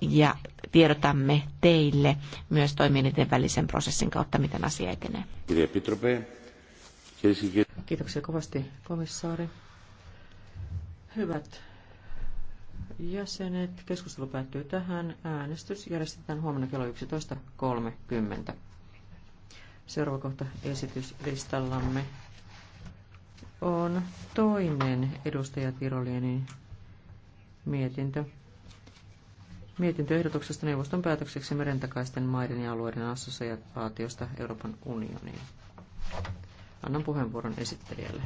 ja tiedotamme teille myös toimielinten välisen prosessin kautta, miten asia etenee. Kiitoksia kovasti, komissaari. Hyvät jäsenet, keskustelu päättyy tähän. Äänestys järjestetään huomenna kello 11.30. Seuraava kohta esityslistallamme on toinen edustaja Tirolienin mietintö ehdotuksesta neuvoston päätökseksi merentakaisten maiden ja alueiden assosiaatiosta Euroopan unioniin. Annan puheenvuoron esittelijälle.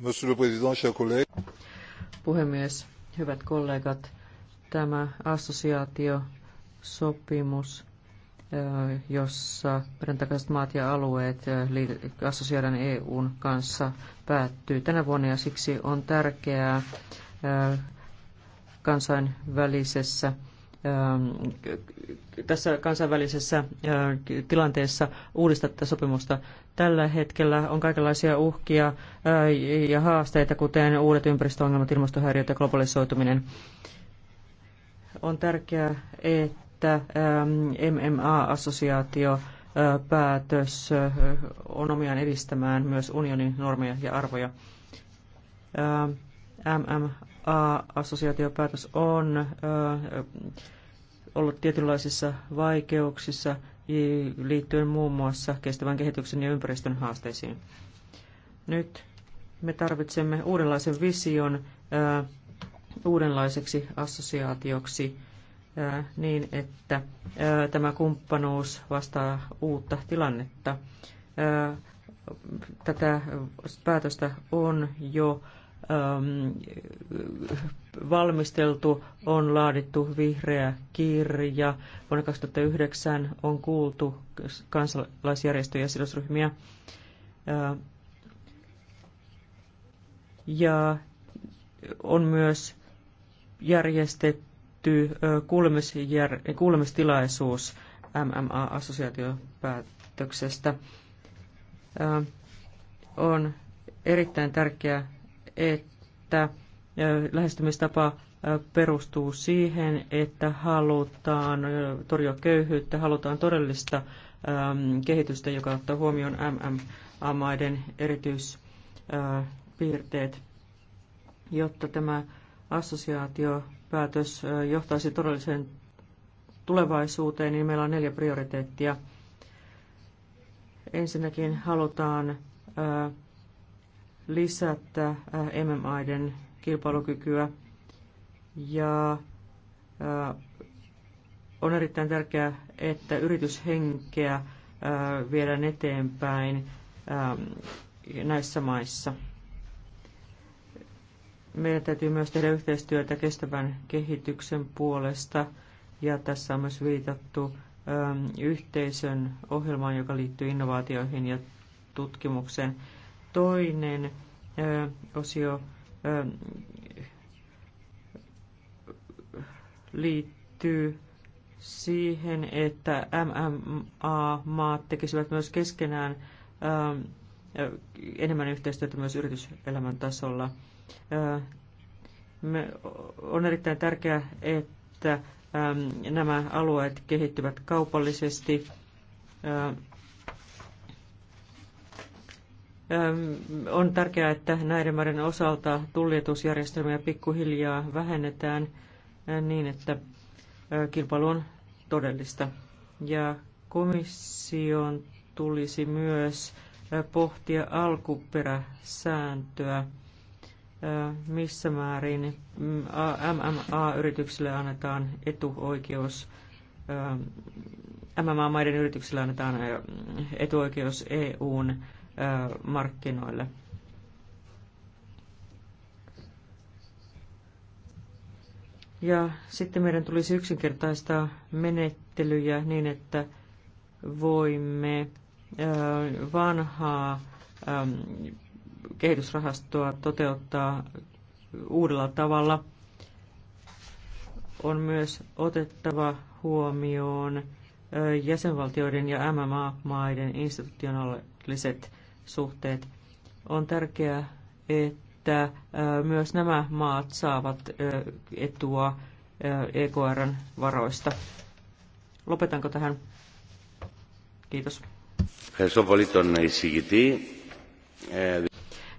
Monsieur le Président, chers collègues. Puhemies, hyvät kollegat, tämä assosiaatiosopimus, eh, jossa merentakaiset maat ja alueet eh, assosioidaan EUn kanssa, päättyy tänä vuonna ja siksi on tärkeää eh, kansainvälisessä ähm, tässä kansainvälisessä äh, tilanteessa uudista tätä sopimusta. Tällä hetkellä on kaikenlaisia uhkia äh, ja haasteita, kuten uudet ympäristöongelmat, ilmastohäiriöt ja globalisoituminen. On tärkeää, että MMA-assosiaatio ähm, äh, päätös on omiaan edistämään myös unionin normeja ja arvoja. Ähm, MMA-assosiaatiopäätös on ollut tietynlaisissa vaikeuksissa liittyen muun muassa kestävän kehityksen ja ympäristön haasteisiin. Nyt me tarvitsemme uudenlaisen vision uudenlaiseksi assosiaatioksi niin, että tämä kumppanuus vastaa uutta tilannetta. Tätä päätöstä on jo Ähm, valmisteltu, on laadittu vihreä kirja. Vuonna 2009 on kuultu kansalaisjärjestöjä ja sidosryhmiä. Ähm, ja on myös järjestetty kuulemistilaisuus MMA-assosiaatiopäätöksestä. On erittäin tärkeää että lähestymistapa perustuu siihen, että halutaan torjua köyhyyttä, halutaan todellista kehitystä, joka ottaa huomioon MMA-maiden erityispiirteet, jotta tämä assosiaatiopäätös johtaisi todelliseen tulevaisuuteen, niin meillä on neljä prioriteettia. Ensinnäkin halutaan lisätä äh, MMAiden kilpailukykyä ja äh, on erittäin tärkeää, että yrityshenkeä äh, viedään eteenpäin ähm, näissä maissa. Meidän täytyy myös tehdä yhteistyötä kestävän kehityksen puolesta ja tässä on myös viitattu ähm, yhteisön ohjelmaan, joka liittyy innovaatioihin ja tutkimukseen toinen ö, osio ö, liittyy siihen, että MMA-maat tekisivät myös keskenään ö, enemmän yhteistyötä myös yrityselämän tasolla. Ö, me, on erittäin tärkeää, että ö, nämä alueet kehittyvät kaupallisesti. Ö, on tärkeää, että näiden maiden osalta tuljetusjärjestelmiä pikkuhiljaa vähennetään niin, että kilpailu on todellista. Ja komission tulisi myös pohtia alkuperäsääntöä, missä määrin MMA-yrityksille annetaan etuoikeus, MMA-maiden yrityksille annetaan etuoikeus EUn markkinoille. Ja sitten meidän tulisi yksinkertaistaa menettelyjä niin, että voimme vanhaa kehitysrahastoa toteuttaa uudella tavalla. On myös otettava huomioon jäsenvaltioiden ja MMA-maiden institutionaaliset suhteet. On tärkeää, että myös nämä maat saavat etua EKRn varoista. Lopetanko tähän? Kiitos.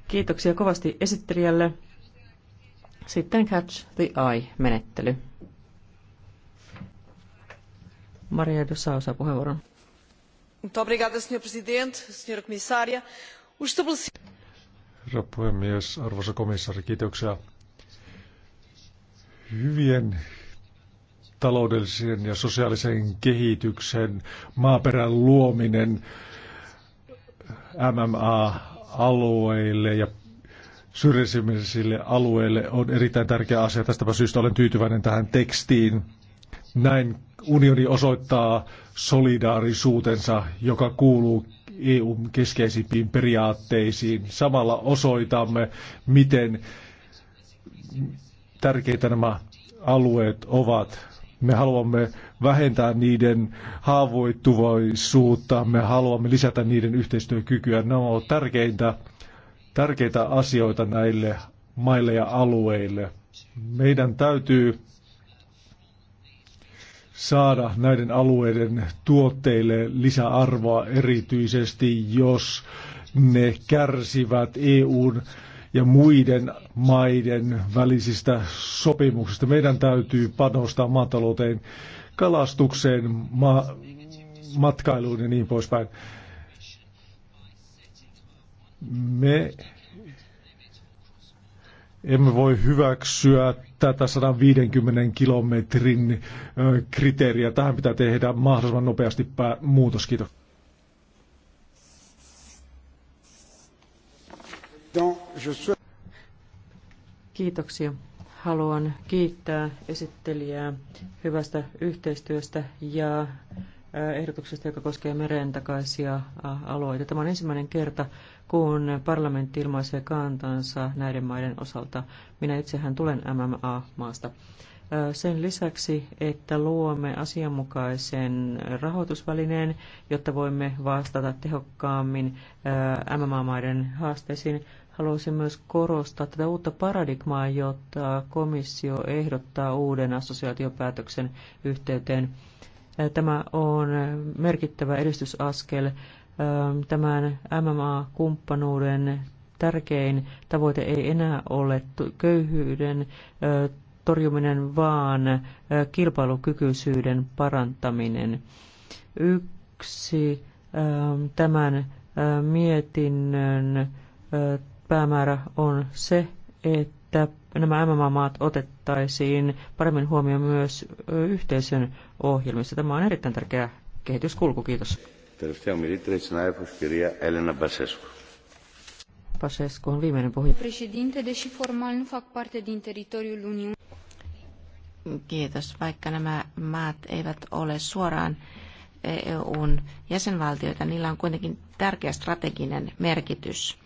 Kiitoksia kovasti esittelijälle. Sitten catch the eye-menettely. Maria osaa puheenvuoron. Sra. President, Sra. Komissaria. Herra puhemies, arvoisa komissaari, kiitoksia. Hyvien taloudellisen ja sosiaalisen kehityksen maaperän luominen MMA-alueille ja syrjäisimmille alueille on erittäin tärkeä asia. Tästäpä syystä olen tyytyväinen tähän tekstiin. Näin unioni osoittaa solidaarisuutensa, joka kuuluu EUn keskeisimpiin periaatteisiin. Samalla osoitamme, miten tärkeitä nämä alueet ovat. Me haluamme vähentää niiden haavoittuvaisuutta, me haluamme lisätä niiden yhteistyökykyä. Nämä ovat tärkeintä, tärkeitä asioita näille maille ja alueille. Meidän täytyy saada näiden alueiden tuotteille lisäarvoa erityisesti, jos ne kärsivät EUn ja muiden maiden välisistä sopimuksista. Meidän täytyy panostaa maatalouteen, kalastukseen, ma- matkailuun ja niin poispäin. Me emme voi hyväksyä tätä 150 kilometrin kriteeriä. Tähän pitää tehdä mahdollisimman nopeasti muutos. Kiitos. Kiitoksia. Haluan kiittää esittelijää hyvästä yhteistyöstä ja ehdotuksesta, joka koskee takaisia alueita. Tämä on ensimmäinen kerta, kun parlamentti ilmaisee kantansa näiden maiden osalta. Minä itsehän tulen MMA-maasta. Sen lisäksi, että luomme asianmukaisen rahoitusvälineen, jotta voimme vastata tehokkaammin MMA-maiden haasteisiin, haluaisin myös korostaa tätä uutta paradigmaa, jota komissio ehdottaa uuden assosiaatiopäätöksen yhteyteen. Tämä on merkittävä edistysaskel tämän MMA-kumppanuuden tärkein tavoite ei enää ole köyhyyden torjuminen, vaan kilpailukykyisyyden parantaminen. Yksi tämän mietinnön päämäärä on se, että nämä MMA-maat otettaisiin paremmin huomioon myös yhteisön ohjelmissa. Tämä on erittäin tärkeä kehityskulku. Kiitos. Pasescu on viimeinen puhuja. parte din Kiitos. Vaikka nämä maat eivät ole suoraan e EUn jäsenvaltioita, niillä on kuitenkin tärkeä strateginen merkitys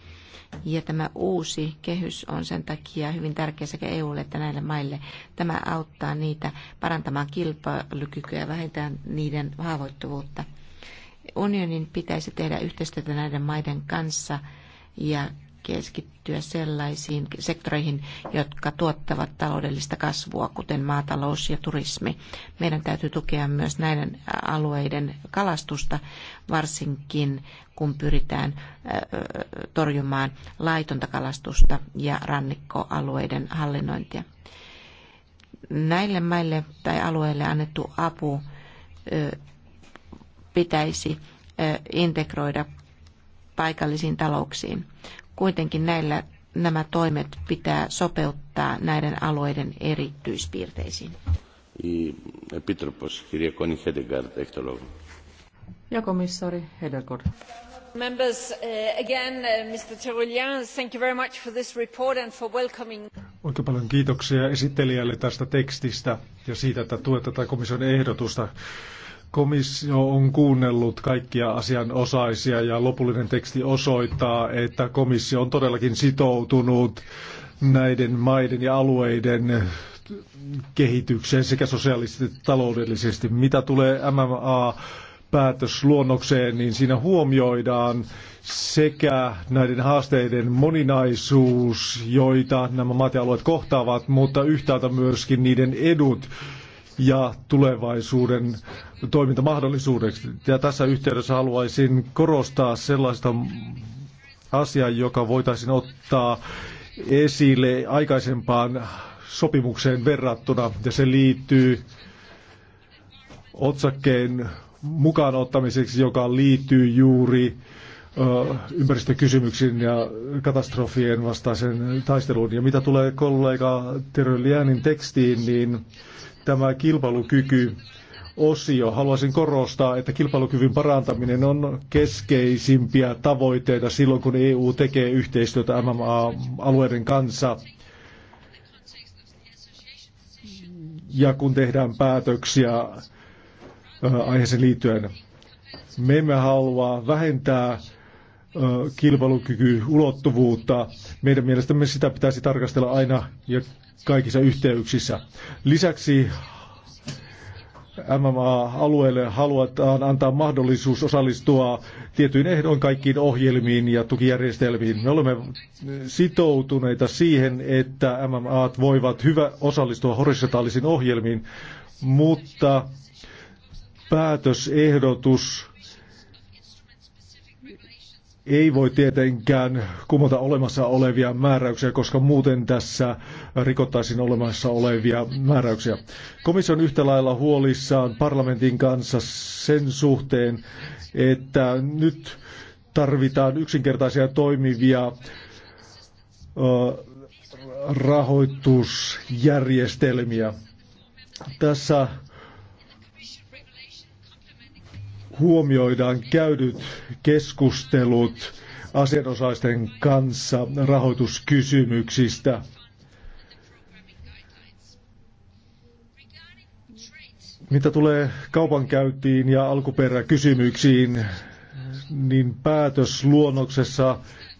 ja tämä uusi kehys on sen takia hyvin tärkeä sekä EUlle että näille maille. Tämä auttaa niitä parantamaan kilpailukykyä ja vähentää niiden haavoittuvuutta. Unionin pitäisi tehdä yhteistyötä näiden maiden kanssa ja keskittyä sellaisiin sektoreihin, jotka tuottavat taloudellista kasvua, kuten maatalous ja turismi. Meidän täytyy tukea myös näiden alueiden kalastusta, varsinkin kun pyritään torjumaan laitonta kalastusta ja rannikkoalueiden hallinnointia. Näille maille tai alueille annettu apu pitäisi integroida paikallisiin talouksiin. Kuitenkin näillä nämä toimet pitää sopeuttaa näiden alueiden erityispiirteisiin. Επίτροπος, κυρία Κόνη Χέντεγκάρτ, έχει το λόγο. Ja komissaari Hedegaard. Members, uh, again, uh, eh, Mr. Terullian, thank you very much for this report and for welcoming. Oikein paljon kiitoksia esittelijälle tästä tekstistä ja siitä, että tuet tätä komission ehdotusta. Komissio on kuunnellut kaikkia asianosaisia ja lopullinen teksti osoittaa, että komissio on todellakin sitoutunut näiden maiden ja alueiden kehitykseen sekä sosiaalisesti että taloudellisesti. Mitä tulee MMA päätösluonnokseen, niin siinä huomioidaan sekä näiden haasteiden moninaisuus, joita nämä maat ja alueet kohtaavat, mutta yhtäältä myöskin niiden edut, ja tulevaisuuden toimintamahdollisuudeksi. Ja tässä yhteydessä haluaisin korostaa sellaista asiaa, joka voitaisiin ottaa esille aikaisempaan sopimukseen verrattuna, ja se liittyy otsakkeen mukaan ottamiseksi, joka liittyy juuri ympäristökysymyksiin ja katastrofien vastaisen taisteluun. Ja mitä tulee kollega Terö tekstiin, niin tämä kilpailukyky osio. Haluaisin korostaa, että kilpailukyvyn parantaminen on keskeisimpiä tavoitteita silloin, kun EU tekee yhteistyötä MMA-alueiden kanssa. Ja kun tehdään päätöksiä aiheeseen liittyen. Me emme halua vähentää kilpailukykyulottuvuutta. Meidän mielestämme sitä pitäisi tarkastella aina ja kaikissa yhteyksissä. Lisäksi MMA-alueelle halutaan antaa mahdollisuus osallistua tietyin ehdoin kaikkiin ohjelmiin ja tukijärjestelmiin. Me olemme sitoutuneita siihen, että MMA voivat hyvä osallistua horisontaalisiin ohjelmiin, mutta päätösehdotus ei voi tietenkään kumota olemassa olevia määräyksiä, koska muuten tässä rikottaisiin olemassa olevia määräyksiä. Komission yhtä lailla huolissaan parlamentin kanssa sen suhteen, että nyt tarvitaan yksinkertaisia toimivia rahoitusjärjestelmiä. Tässä huomioidaan käydyt keskustelut asianosaisten kanssa rahoituskysymyksistä. Mitä tulee kaupankäyntiin ja alkuperäkysymyksiin, niin päätösluonnoksessa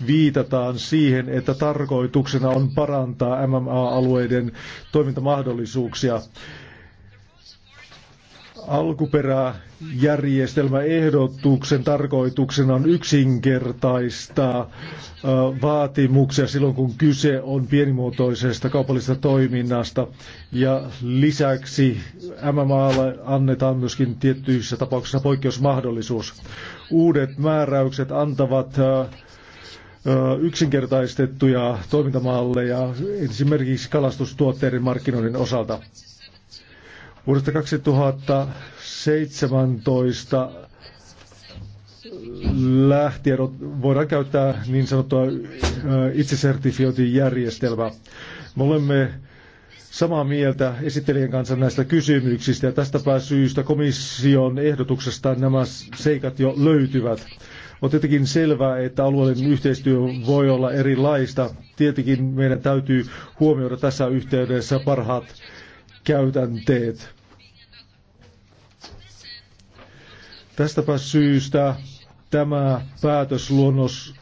viitataan siihen, että tarkoituksena on parantaa MMA-alueiden toimintamahdollisuuksia alkuperäjärjestelmäehdotuksen tarkoituksena on yksinkertaistaa vaatimuksia silloin, kun kyse on pienimuotoisesta kaupallisesta toiminnasta. Ja lisäksi MMAlle annetaan myöskin tiettyissä tapauksissa poikkeusmahdollisuus. Uudet määräykset antavat yksinkertaistettuja toimintamalleja esimerkiksi kalastustuotteiden markkinoiden osalta. Vuodesta 2017 lähtien voidaan käyttää niin sanottua äh, itsesertifiointijärjestelmää. Me olemme samaa mieltä esittelijän kanssa näistä kysymyksistä ja tästä pääsyystä komission ehdotuksesta nämä seikat jo löytyvät. On tietenkin selvää, että alueellinen yhteistyö voi olla erilaista. Tietenkin meidän täytyy huomioida tässä yhteydessä parhaat käytänteet. Tästäpä syystä tämä päätösluonnos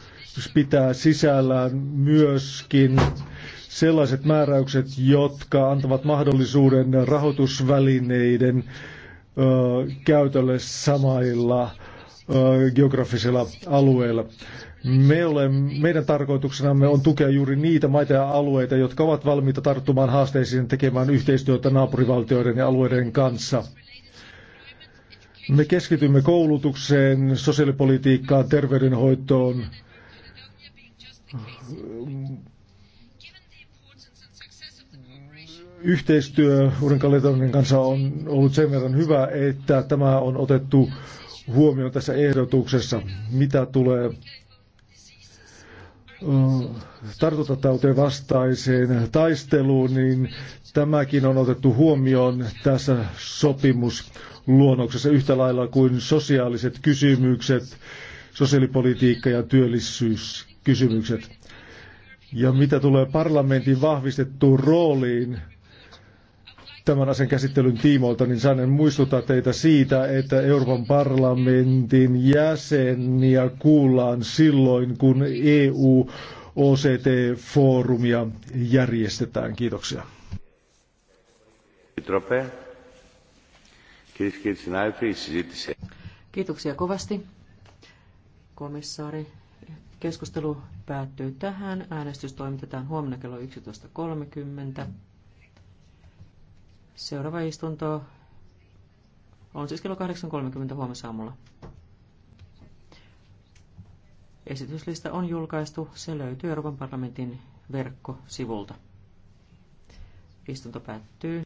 pitää sisällään myöskin sellaiset määräykset, jotka antavat mahdollisuuden rahoitusvälineiden ö, käytölle samailla ö, geografisilla alueilla. Me olemme, meidän tarkoituksenamme on tukea juuri niitä maita ja alueita, jotka ovat valmiita tarttumaan haasteisiin tekemään yhteistyötä naapurivaltioiden ja alueiden kanssa. Me keskitymme koulutukseen, sosiaalipolitiikkaan, terveydenhoitoon, yhteistyö uuden kaledonin kanssa on ollut sen verran hyvä, että tämä on otettu huomioon tässä ehdotuksessa, mitä tulee tartuntatautien vastaiseen taisteluun, niin tämäkin on otettu huomioon tässä sopimusluonnoksessa yhtä lailla kuin sosiaaliset kysymykset, sosiaalipolitiikka ja työllisyyskysymykset. Ja mitä tulee parlamentin vahvistettuun rooliin, tämän asian käsittelyn tiimoilta, niin saan muistuttaa teitä siitä, että Euroopan parlamentin jäseniä kuullaan silloin, kun EU OCT-foorumia järjestetään. Kiitoksia. Kiitoksia kovasti, komissaari. Keskustelu päättyy tähän. Äänestys toimitetaan huomenna kello 11.30. Seuraava istunto on siis kello 8.30 aamulla. Esityslista on julkaistu. Se löytyy Euroopan parlamentin verkkosivulta. Istunto päättyy.